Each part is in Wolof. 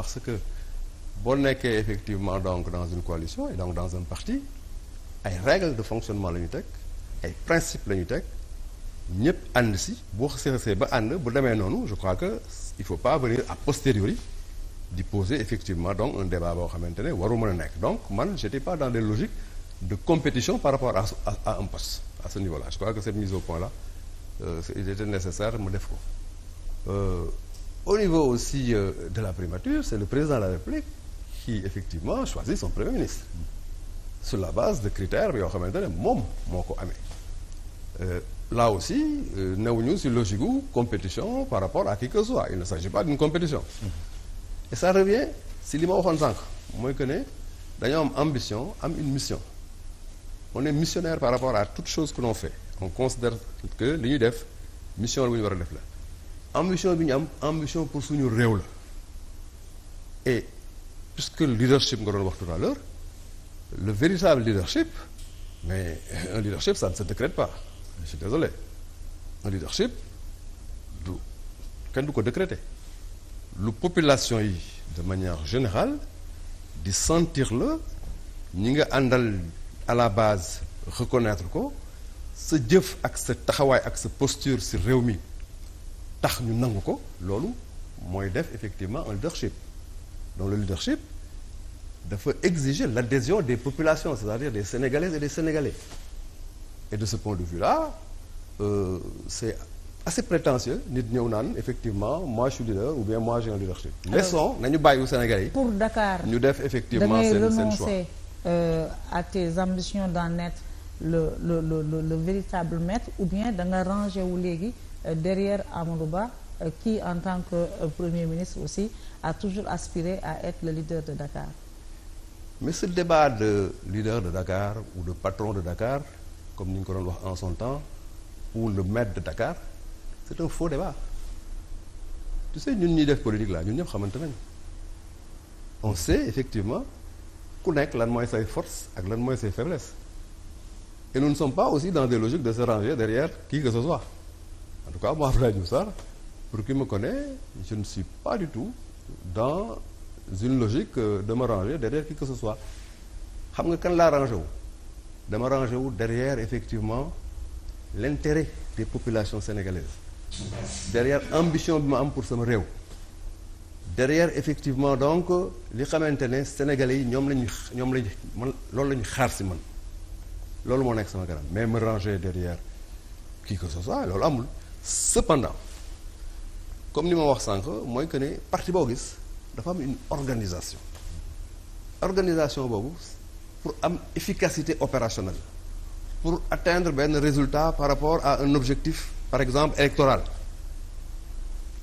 parce que boo nekkee effectivement donc dans une coalition et donc dans un parti ay règles de fonctionnement la ñu teg ay principes la ñu teg ñëpp ànd si boo xasee ba ànd bu demee noonu je crois que il faut pas venir a posteriori di poser effectivement donc un débat boo xamante ne waru mën a nekk donc man j'étais pas dans des logiques de compétition par rapport à à un poste à ce niveau-là je crois que cette mise au point là euh, il était nécessaire mu def ko. Euh, Au niveau aussi euh, de la primature, c'est le président de la République qui effectivement choisit son premier ministre sur la base de critères yoo xamante ne moom moo ko amee euh, là aussi euh, newuñu si logique gu compétition par rapport à qui que soit il ne s'agit pas d'une compétition et ça revient si li ma waxoon sànq mooy que ne dañoo am ambition am une mission on est missionnaire par rapport à toute chose que l'on fait on considère que li ñuy def mission la bu war a def la ambition bi ñu am ambition pour suñu réew la et puisque leadership nga doon wax tout à l'heure le véritable leadership mais un leadership ça ne se décrète pas je suis désolé un leadership du kenn du ko décréter lu population yi de manière générale di sentir la ñi nga àndal à la base reconnaître ko sa jëf ak sa taxawaay ak sa posture si réew mi tax ñu nangu ko loolu mooy def effectivement un leadership donc le leadership dafa exiger l'adhésion des populations c'est-à-dire des Sénégalaises et des Sénégalais et de ce point de vue-là euh, c'est assez prétentieux nit ñëw naan effectivement moi je suis leader ou bien moi j'ai un leadership laissons nañu bàyyi Sénégalais yi pour Dakar ñu def effectivement seen seen choix. Euh, à tes ambitions d'en le le le le, le véritable maître ou bien da nga rangé wu léegi euh, derrière Amadou Ba euh, qui en tant que euh, premier ministre aussi a toujours aspiré à être le leader de Dakar. mais ce débat de leader de Dakar ou de patron de Dakar comme ni ñu ko doon wax en son temps ou le maître de Dakar c'est un faux débat tu sais ñun ñuy def politique là ñun ñëpp xamante nañ on sait effectivement ku nekk lan mooy say force ak lan mooy say faiblesse. Et nous ne sommes pas aussi dans des logiques de se ranger derrière qui que ce soit. En tout cas, moi, Abdoulaye Moussar, pour qui ma connaît, je ne suis pas du tout dans une logique euh, de me ranger derrière qui que ce soit. xam nga kan laa rangé wu dama rangé wu derrière effectivement l'intérêt des populations sénégalaises derrière ambition bi ma am pour sama réew derrière effectivement donc li xamante ne sénégalais yi ñoom lañuy ñoom lañu man loolu la ñu xaar si man loolu moo nekk sama kanam mais me ranger derrière qui que ce ah, loolu amul cependant comme ni ma wax sànq mooy que ne parti boo gis dafa am une organisation organisation boobu pour am efficacité opérationnelle pour attendre benn résultat par rapport à un objectif par exemple électoral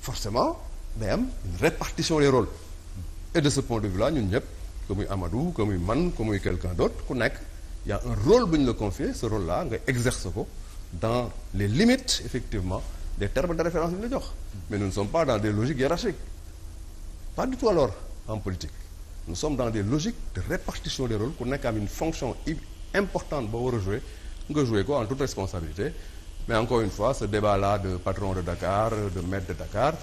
forcément day am une répartition des rôles et de ce point de vue là ñun ñëpp que muy Amadou que muy man que muy quelqu'un d'autre ku nekk y un rôle bu ñu la confier ce rôle là nga exerce ko dans les limites effectivement des termes de référence bi la jox mais nous ne sommes pas dans des logiques hiérarchiques pas du tout alors en politique nous sommes dans des logiques de répartition des rôles ku nekk am une fonction importante boo war nga jouer ko en toute responsabilité mais encore une fois ce débat là de patron de Dakar de maître de Dakar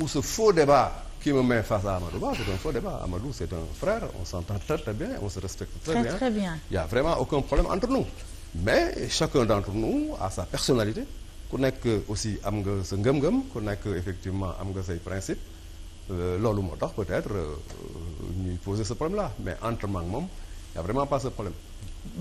ou ce faux débat qui me met face à Amadou Ba c'est un faux débat Amadou c'est un frère on s'entend très très bien on se respecte très, bien très bien aucun problème entre nous mais chacun d'entre nous a sa personnalité ku nekk aussi am nga sa ngëm-ngëm ku nekk effectivement am nga say principe euh, loolu moo tax peut-être euh, ñuy poser ce problème là mais entre maag moom y a vraiment pas ce problème